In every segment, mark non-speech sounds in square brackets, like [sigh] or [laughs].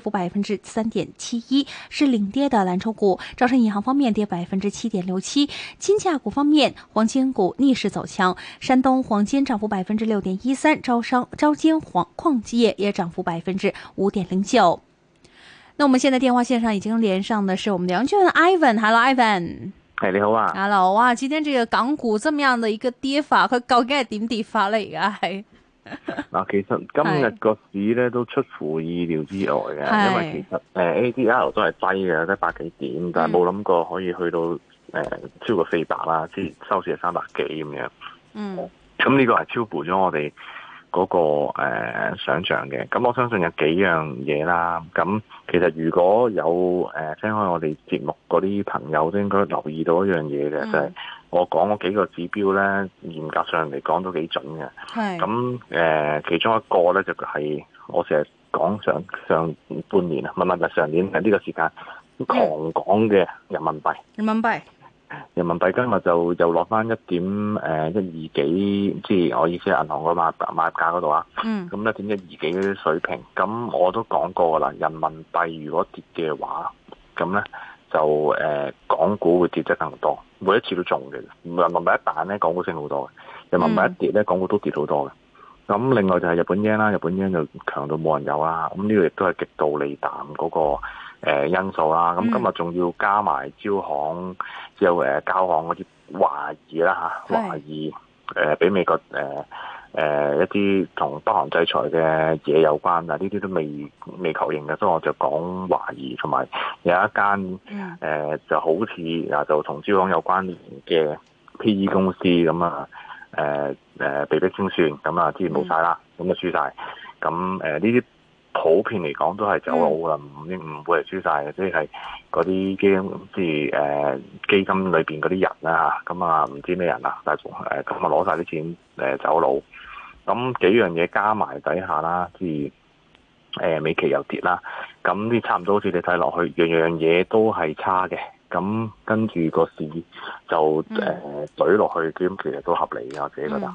跌幅百分之三點七一，是領跌的藍籌股。招商銀行方面跌百分之七點六七。金價股方面，黃金股逆勢走強，山東黃金漲幅百分之六點一三，招商招金黃礦業也漲幅百分之五點零九。那我們現在電話線上已經連上的是我們的楊俊文 Ivan，Hello Ivan，哎，Hello, Ivan hey，你好啊，Hello，哇、wow，今天這個港股這麼樣的一個跌法和高嘅點跌法了而家、哎嗱， [laughs] 其實今日個市咧都出乎意料之外嘅，因為其實誒 ADR 都係低嘅，得百幾點，嗯、但係冇諗過可以去到誒超過四百啦，即係收市係三百幾咁樣。嗯，咁呢個係超乎咗我哋嗰個誒想象嘅。咁我相信有幾樣嘢啦。咁其實如果有誒聽開我哋節目嗰啲朋友都應該留意到一樣嘢嘅，就、嗯、係。我講嗰幾個指標咧，嚴格上嚟講都幾準嘅。係。咁誒、呃，其中一個咧就係、是、我成日講上上半年啊，唔係唔係上年啊呢、呢個時間狂講嘅人民幣。嗯、人民幣。人民幣今日就又落翻一點，呃一嗯、點一二幾，即係我意思係銀行個買買入價嗰度啊。咁咧點一二幾嗰啲水平？咁我都講過啦，人民幣如果跌嘅話，咁咧。就誒、呃、港股會跌得更多，每一次都中嘅。唔，人民幣一彈咧，港股升好多嘅；人民幣一跌咧、嗯，港股都跌好多嘅。咁另外就係日本 yen 啦，日本 yen 就強到冇人有啦。咁呢個亦都係極度利淡嗰、那個、呃、因素啦。咁、嗯、今日仲要加埋招行、之後誒交行嗰啲懷疑啦嚇，懷疑誒俾、呃、美國誒。呃誒、呃、一啲同北韓制裁嘅嘢有關啊，呢啲都未未確認嘅，所以我就講懷疑，同埋有，有一間誒、嗯呃、就好似啊就同招行有關嘅 PE 公司咁啊，誒、呃呃、被逼清算，咁啊之前冇晒啦，咁、嗯、就輸晒咁誒、呢啲。普遍嚟講都係走佬噶，唔、嗯、唔會係輸晒嘅，即係嗰啲基金，即係誒基金裏邊嗰啲人啦吓，咁啊唔知咩人啦，但係誒咁啊攞晒啲錢誒走佬，咁幾樣嘢加埋底下啦，即係誒美期又跌啦，咁啲差唔多好似你睇落去，樣樣嘢都係差嘅，咁跟住個市就誒懟落去，咁其實都合理嘅，我自己覺得。嗯嗯。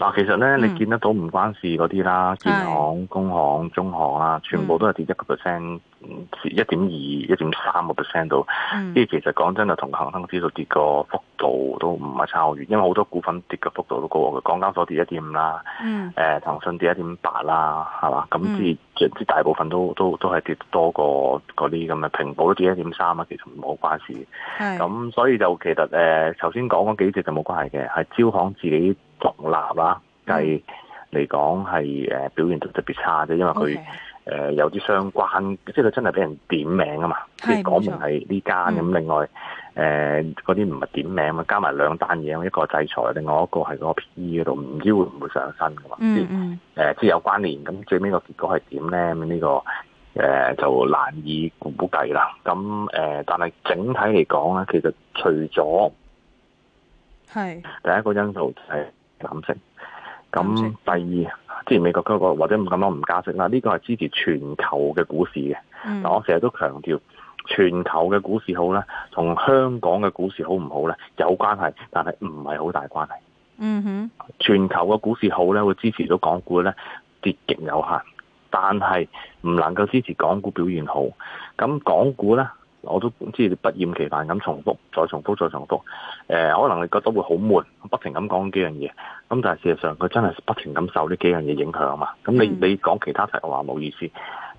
嗱，其實咧、嗯，你見得到唔關事嗰啲啦，建行、工行、中行啦，全部都係跌一個 percent，一點二、一點三個 percent 度。即啲、嗯、其實講真就同恒生指數跌個幅度都唔係差好遠，因為好多股份跌嘅幅度都高嘅。港交所跌一點五啦，誒、嗯，騰、呃、訊跌一點八啦，係嘛？咁即係即係大部分都都都係跌多過嗰啲，咁嘅平保都跌一點三啊，其實唔好關事。咁所以就其實誒，頭先講嗰幾隻就冇關係嘅，係招行自己。獨立啦、啊，計嚟講係誒表現就特別差啫，因為佢誒、okay。呃、有啲相關，即係真係俾人點名啊嘛，即係講明係呢間咁。另外誒嗰啲唔係點名啊嘛，加埋兩單嘢，一個制裁，另外一個係嗰個 P E 嗰度，唔知會唔會上身噶嘛？嗯嗯呃、即係誒即係有關聯。咁最尾個結果係點咧？呢、這個誒、呃、就難以估計啦。咁誒、呃，但係整體嚟講咧，其實除咗係第一個因素係。減息咁，第二之前美國嗰個或者咁樣唔加息啦，呢個係支持全球嘅股市嘅、嗯。但我成日都強調，全球嘅股市好咧，同香港嘅股市好唔好咧有關係，但係唔係好大關係。嗯哼，全球嘅股市好咧，會支持到港股咧跌極有限，但係唔能夠支持港股表現好。咁港股咧？我都知你不厭其煩咁重複再重複再重複，誒、呃、可能你覺得會好悶，不停咁講幾樣嘢，咁但係事實上佢真係不停咁受呢幾樣嘢影響啊嘛，咁你你講其他題嘅話冇意思，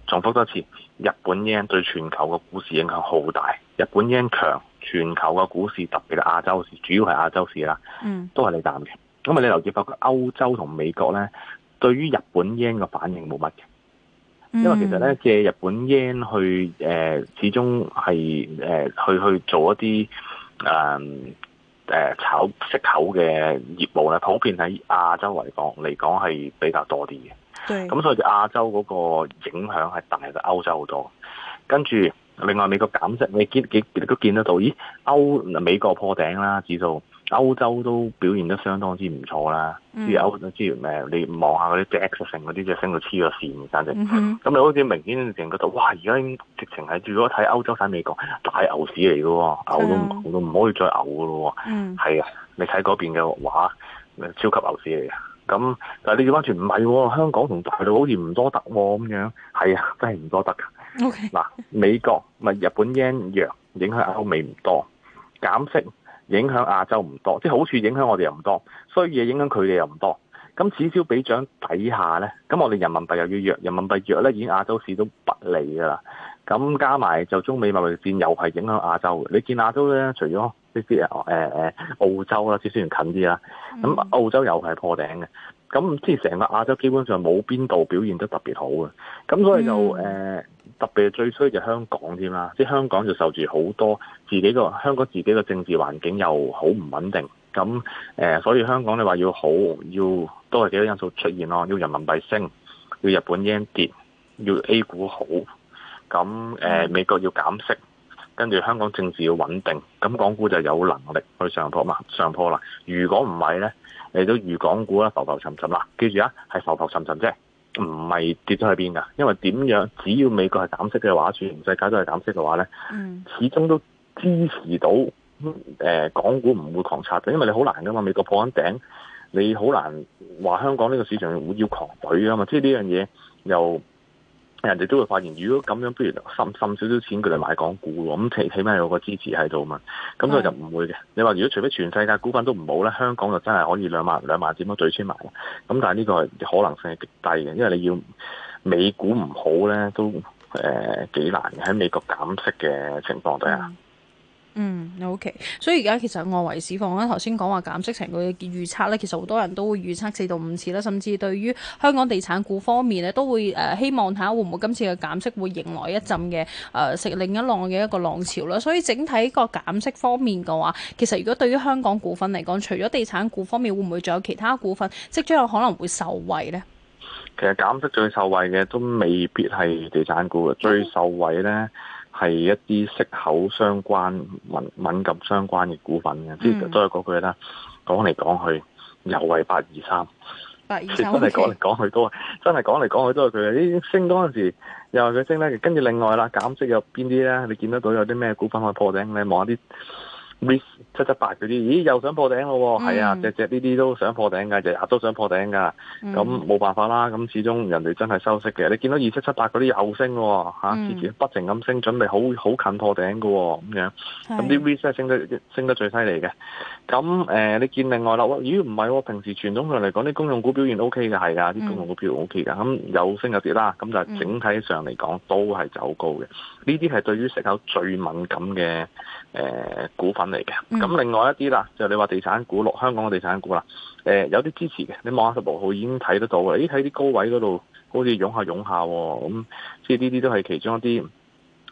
重複多次，日本 yen 對全球嘅股市影響好大，日本 yen 強，全球嘅股市特別係亞洲市，主要係亞洲市啦，嗯，都係你擔嘅，咁啊你留意發覺歐洲同美國呢，對於日本 yen 嘅反應冇乜嘅。因為其實咧借日本 yen 去誒，始終係誒去去做一啲誒誒炒息口嘅業務咧，普遍喺亞洲嚟講嚟講係比較多啲嘅。咁所以亞洲嗰個影響係大過歐洲好多。跟住另外美國減息，你見幾都見得到？咦，歐美國破頂啦，指數。歐洲都表現得相當之唔錯啦，嗯、歐洲之歐之咩你望下嗰啲 Jack 成嗰啲，即係升到黐咗線，真、嗯、正。咁你好似明顯成覺得：「哇！而家直情係住咗睇歐洲睇美國大牛市嚟㗎喎，牛都唔、嗯、都唔可以再牛㗎咯喎。嗯，係啊，你睇嗰邊嘅話，超級牛市嚟嘅。咁但係你完全唔係喎，香港同大陸好似唔多得喎咁樣。係啊，真係唔多得㗎。嗱、okay 啊，美國咪日本 yen 弱影響歐美唔多減息。影響亞洲唔多，即係好處影響我哋又唔多，衰嘢影響佢哋又唔多。咁此消彼長底下呢，咁我哋人民幣又要弱，人民幣弱呢已經亞洲市都不利㗎啦。咁加埋就中美貿易戰又係影響亞洲嘅。你見亞洲呢，除咗呢啲誒誒澳洲啦，至少遠近啲啦，咁澳洲又係破頂嘅。嗯咁即係成個亞洲基本上冇邊度表現得特別好嘅，咁所以就誒、嗯，特別最衰就香港添啦，即係香港就受住好多自己個香港自己個政治環境又好唔穩定，咁誒，所以香港你話要好，要都係幾個因素出現咯，要人民幣升，要日本 yen 跌，要 A 股好，咁誒、嗯，美國要減息，跟住香港政治要穩定，咁港股就有能力去上破嘛，上破啦，如果唔係咧。嚟到預港股啦，浮浮沉沉啦，記住啊，係浮浮沉沉啫，唔係跌咗去邊噶，因為點樣？只要美國係減息嘅話，全世界都係減息嘅話咧，mm. 始終都支持到、嗯呃、港股唔會狂插。因為你好難噶嘛，美國破緊頂，你好難話香港呢個市場會要狂隊噶嘛，即係呢樣嘢又。人哋都會發現，如果咁樣，不如滲滲少少錢佢嚟買港股喎。咁起起碼有個支持喺度嘛。咁佢就唔會嘅。你話如果除非全世界股份都唔好咧，香港就真係可以兩萬兩萬點樣對穿埋嘅。咁但係呢個可能性係極低嘅，因為你要美股唔好咧，都誒幾、呃、難嘅。喺美國減息嘅情況底下。嗯，OK。所以而家其實外圍市況咧，頭先講話減息成個預測咧，其實好多人都會預測四到五次啦。甚至對於香港地產股方面咧，都會誒希望睇下會唔會今次嘅減息會迎來一陣嘅誒食另一浪嘅一個浪潮啦。所以整體個減息方面嘅話，其實如果對於香港股份嚟講，除咗地產股方面，會唔會仲有其他股份即將有可能會受惠呢？其實減息最受惠嘅都未必係地產股嘅，最受惠呢。嗯係一啲息口相關、敏敏感相關嘅股份嘅，即係都係嗰句啦。講嚟講去，又係八二三，八二三真係講嚟講去都係，okay. 真係講嚟講去都係佢。啲升嗰陣時又話佢升咧，跟住另外啦，減息有邊啲咧？你見得到有啲咩股份可以破頂？你望一啲。七七八嗰啲，咦又想破頂咯，係、嗯、啊，只隻呢啲都想破頂噶，日日都想破頂噶，咁冇辦法啦，咁始終人哋真係收息嘅。你見到二七七八嗰啲又升咯，吓、啊，之前不停咁升，準備好好近破頂噶，咁樣，咁啲 i s e 升得升得最犀利嘅。咁誒、呃，你見另外啦，咦唔係喎？平時傳統上嚟講，啲公用股表現 O K 噶，係噶，啲、嗯、公用股表現 O K 噶，咁有升有跌啦，咁就係整體上嚟講、嗯、都係走高嘅。呢啲係對於石油最敏感嘅誒、欸、股份嚟嘅，咁、嗯、另外一啲啦，就是、你話地產股落香港嘅地產股啦，誒、呃、有啲支持嘅，你望下十號已經睇得到，咦喺啲高位嗰度好似湧下湧下，咁即係呢啲都係其中一啲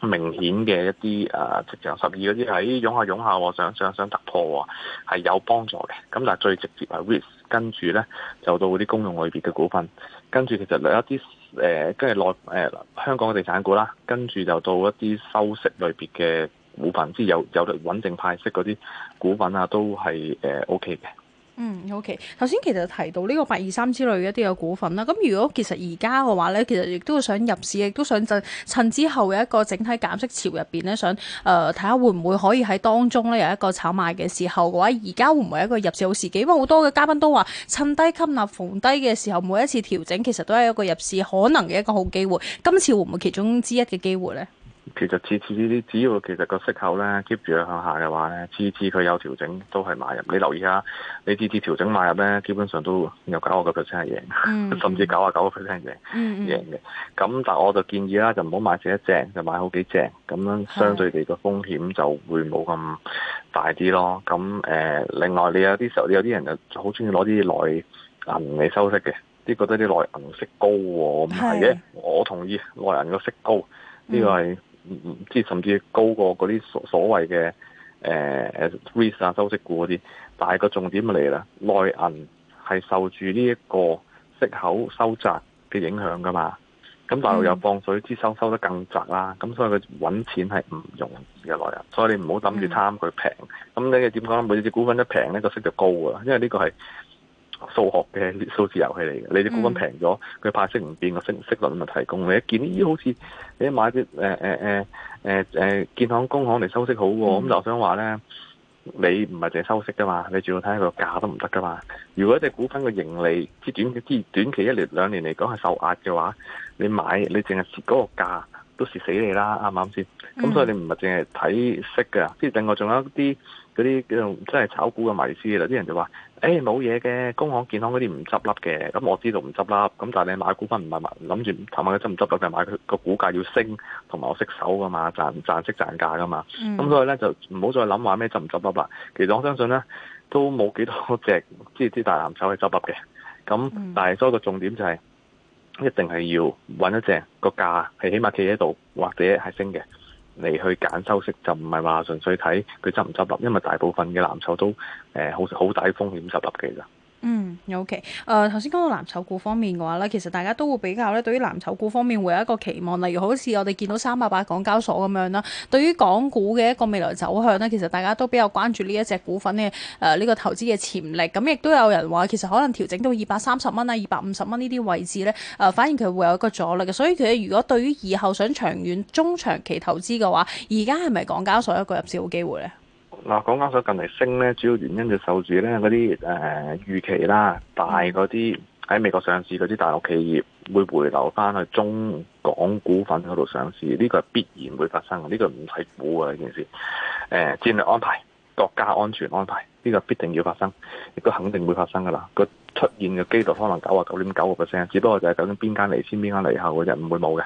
明顯嘅一啲啊，直情十二嗰啲喺湧下湧下，想想想，想突破係、哦、有幫助嘅，咁但係最直接係 risk，跟住咧就到啲公用類別嘅股份，跟住其實另一啲。誒、呃，跟住落誒香港嘅地產股啦，跟住就到一啲收息類別嘅股份，即係有有穩定派息嗰啲股份啊，都係誒 OK 嘅。呃 OK 嗯，OK。頭先其實提到呢個八二三之類一啲嘅股份啦，咁如果其實而家嘅話咧，其實亦都會想入市，亦都想趁趁之後嘅一個整體減息潮入面咧，想誒睇下會唔會可以喺當中咧有一個炒賣嘅時候嘅話，而家會唔會一個入市好時機？因為好多嘅嘉賓都話趁低吸納逢低嘅時候，每一次調整其實都係一個入市可能嘅一個好機會。今次會唔會其中之一嘅機會咧？其實次次呢啲只要其實個息口咧 keep 住向下嘅話咧，次次佢有調整都係買入。你留意下，你次次調整買入咧，基本上都有九個 percent 係贏，贏 mm -hmm. 甚至九啊九個 percent 贏，贏嘅。咁、mm -hmm. 但係我就建議啦，就唔好買只一隻，就買好幾隻，咁樣相對地個風險就會冇咁大啲咯。咁誒、呃，另外你有啲時候有啲人就好中意攞啲內銀嚟收息嘅，啲覺得啲內銀息高喎、哦，唔係嘅，我同意內銀個息高，呢個係。嗯嗯，即係甚至高過嗰啲所所謂嘅誒誒，risk 啊收息股嗰啲，但係個重點嚟啦，內銀係受住呢一個息口收窄嘅影響㗎嘛，咁大陸又放水，之收收得更窄啦，咁所以佢揾錢係唔容易嘅內銀，所以你唔好諗住貪佢平，咁你點講？每隻股份一平，呢個息就高㗎啦，因為呢個係。數學嘅數字遊戲嚟嘅，你啲股份平咗，佢、嗯、派息唔變，個息息率咪提供你一。你一見呢啲好似你一買啲誒誒誒誒誒建行、工行嚟收息好喎，咁、嗯、就想話咧，你唔係淨係收息噶嘛，你仲要睇下個價都唔得噶嘛。如果隻股份嘅盈利，之短短期一年、兩年嚟講係受壓嘅話，你買你淨係蝕嗰個價。都蝕死你啦，啱唔啱先？咁、嗯、所以你唔係淨係睇息嘅，即係另外仲有一啲嗰啲叫做即係炒股嘅迷思啦。啲人就話，誒冇嘢嘅，工行、健康嗰啲唔執笠嘅。咁我知道唔執笠，咁但係你買股份唔係咪諗住睇下佢執唔執笠就係買佢個股價要升？同埋我識手噶嘛，賺賺識賺，賺，賺價噶嘛。咁、嗯、所以咧就唔好再諗話咩執唔執笠啦。其實我相信咧都冇幾多隻，即係啲大藍籌去執笠嘅。咁、嗯，但係所以個重點就係、是。一定係要搵一隻個價係起碼企喺度，或者係升嘅嚟去揀收息就，就唔係話純粹睇佢執唔執笠，因為大部分嘅藍籌都好好大風險執笠嘅啦。嗯，OK。誒、呃，頭先講到藍籌股方面嘅話咧，其實大家都會比較咧，對於藍籌股方面會有一個期望。例如好似我哋見到三百八港交所咁樣啦，對於港股嘅一個未來走向咧，其實大家都比較關注呢一隻股份嘅誒呢個投資嘅潛力。咁亦都有人話，其實可能調整到二百三十蚊啊、二百五十蚊呢啲位置咧，誒、呃，反而佢會有一個阻力嘅。所以佢如果對於以後想長遠、中長期投資嘅話，而家係咪港交所一個入市好機會咧？嗱，港交所近嚟升咧，主要原因就受住咧嗰啲誒預期啦，大嗰啲喺美國上市嗰啲大陸企業會回流翻去中港股份嗰度上市，呢個係必然會發生嘅，呢個唔係估啊，呢件事。誒、呃、戰略安排、國家安全安排，呢個必定要發生，亦都肯定會發生噶啦。佢出現嘅機率可能九啊九點九個 percent，只不過就係究竟邊間嚟先，邊間嚟後，我就唔會冇嘅。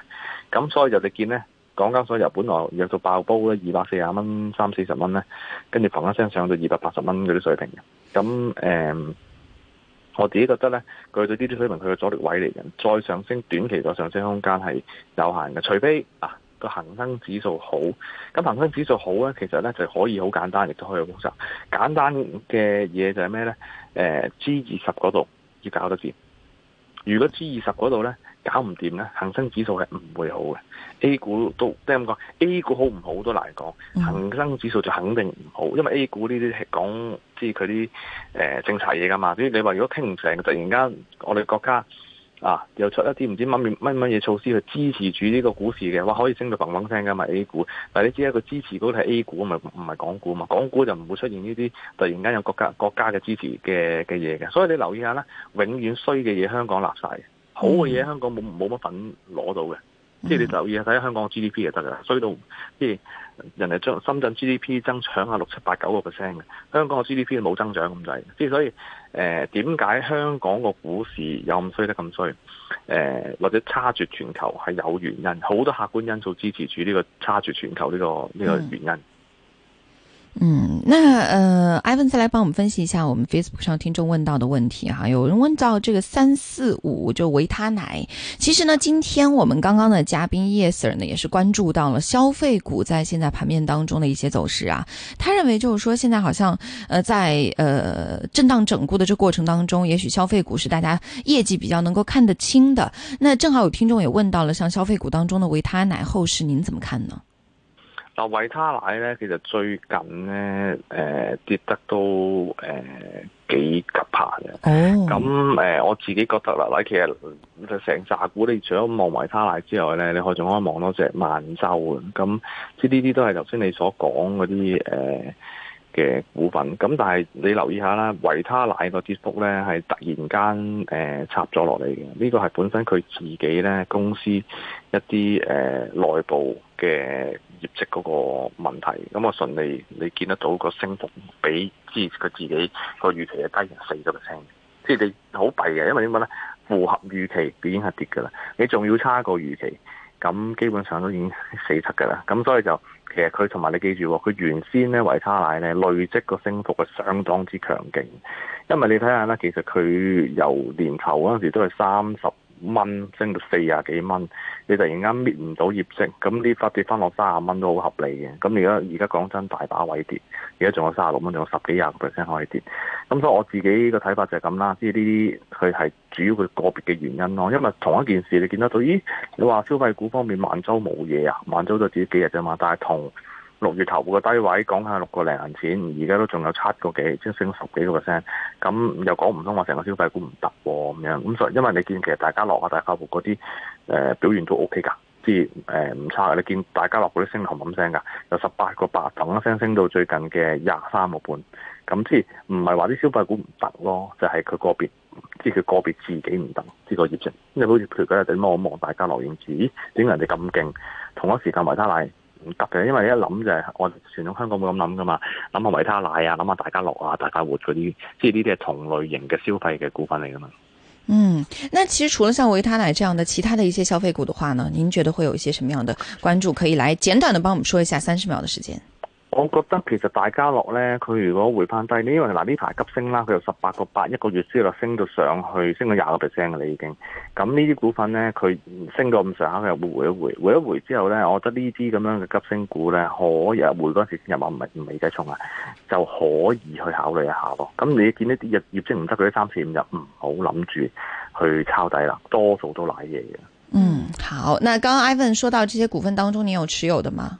咁所以就哋見咧。港交所由本來約到爆煲咧，二百四十蚊，三四十蚊咧，跟住嘭一聲上到二百八十蚊嗰啲水平嘅。咁誒、嗯，我自己覺得咧，去到呢啲水平，佢嘅阻力位嚟嘅。再上升，短期嘅上升空間係有限嘅。除非啊，個恒生指數好。咁恒生指數好咧，其實咧就可以好簡單，亦都可以去複雜。簡單嘅嘢就係咩咧？誒，G 二十嗰度要搞得掂。如果 G 二十嗰度咧？搞唔掂咧，恒生指數係唔會好嘅。A 股都即係咁講，A 股好唔好都難講。恒生指數就肯定唔好，因為 A 股呢啲係講即係佢啲誒政策嘢，噶嘛。即係你話如果傾唔成，突然間我哋國家啊又出一啲唔知乜嘢乜乜嘢措施去支持住呢個股市嘅，話可以升到砰砰聲噶嘛 A 股。但係你知一個支持都係 A 股，唔係唔係港股嘛？港股就唔會出現呢啲突然間有國家國家嘅支持嘅嘅嘢嘅。所以你留意一下啦，永遠衰嘅嘢香港立晒。好嘅嘢香港冇冇乜份攞到嘅，即、嗯、係你留意下睇下香港嘅 GDP 就得噶啦，衰到即係人哋將深圳 GDP 增長下六七八九個 percent 嘅，香港嘅 GDP 冇增長咁滯。即係所以誒點解香港個股市有咁衰得咁衰，誒、呃、或者差絕全球係有原因，好多客觀因素支持住呢個差絕全球呢個呢個原因。嗯。嗯，那呃，Ivan 再來幫我們分析一下我們 Facebook 上聽眾問到的問題哈。有人問到這個三四五就維他奶，其實呢，今天我們剛剛的嘉賓葉 Sir 呢也是關注到了消費股在現在盤面當中的一些走勢啊。他認為就是說現在好像呃在呃震盪整固的這過程當中，也許消費股是大家業績比較能夠看得清的。那正好有聽眾也問到了像消費股當中的維他奶後市，您怎麼看呢？但維他奶咧，其實最近咧，誒、呃、跌得都誒、呃、幾急爬嘅。咁、啊、誒，我自己覺得啦，其實就成紮股，你除咗望維他奶之外咧，你可仲可以望多隻萬洲。咁即係呢啲都係頭先你所講嗰啲誒嘅股份。咁但係你留意下啦，維他奶個跌幅咧係突然間誒、呃、插咗落嚟嘅。呢個係本身佢自己咧公司一啲誒內部，嘅業績嗰個問題，咁我順利你見得到個升幅比之前佢自己個預期係低成四十 percent，即係你好弊嘅，因為點講咧？符合預期已經係跌嘅啦，你仲要差過預期，咁基本上都已經死七嘅啦。咁所以就其實佢同埋你記住，佢原先咧維他奶咧累積個升幅係相當之強勁，因為你睇下啦，其實佢由年頭嗰陣時都係三十。蚊升到四十幾蚊，你突然間搣唔到業績，咁呢忽跌翻落三十蚊都好合理嘅。咁而家而家講真，大把位跌，而家仲有三十六蚊，仲有十幾廿個 percent 可以跌。咁所以我自己嘅睇法就係咁啦，即係呢啲佢係主要佢個別嘅原因咯。因為同一件事你見得到，咦？你話消費股方面萬洲冇嘢啊，萬洲就自己幾日啫嘛，但係同。六月頭個低位講下六個零銀錢，而家都仲有七個幾，即升十幾個 percent。咁又講唔通話成個消費股唔得咁樣。咁所以因為你見其實大家落下大家富嗰啲誒表現都 OK 㗎，即係誒唔差嘅。你見大家樂嗰啲升紅咁聲㗎，有十八個八等一聲升到最近嘅廿三個半。咁即係唔係話啲消費股唔得咯？就係、是、佢個別，即係佢個別自己唔得。即、這、係個業績。即好似前幾日我望大家留言時，咦，點解人哋咁勁？同一時間維他奶。唔得嘅，因為一諗就係、是、我傳統香港冇咁諗噶嘛，諗下維他奶啊，諗下大家樂啊，大快活嗰啲，即係呢啲係同類型嘅消費嘅股份嚟噶嘛。嗯，那其實除了像維他奶這樣的其他的一些消費股的話呢，您覺得會有一些什麼樣的關注可以來簡短的幫我們說一下，三十秒的時間。我覺得其實大家樂咧，佢如果回翻低呢，因為嗱呢排急升啦，佢由十八個八一個月之後升到上去，升到廿個 percent 嘅啦已經。咁呢啲股份咧，佢升到咁上下，佢又會回一回，回一回之後咧，我覺得呢啲咁樣嘅急升股咧，可以回入回陣時，先入啊，唔係唔係而家衝啊，就可以去考慮一下咯。咁你見呢啲日業績唔得佢啲三四五日，唔好諗住去抄底啦，多數都瀨嘢嘅。嗯，好。那剛剛 Ivan 說到這些股份當中，你有持有的嗎？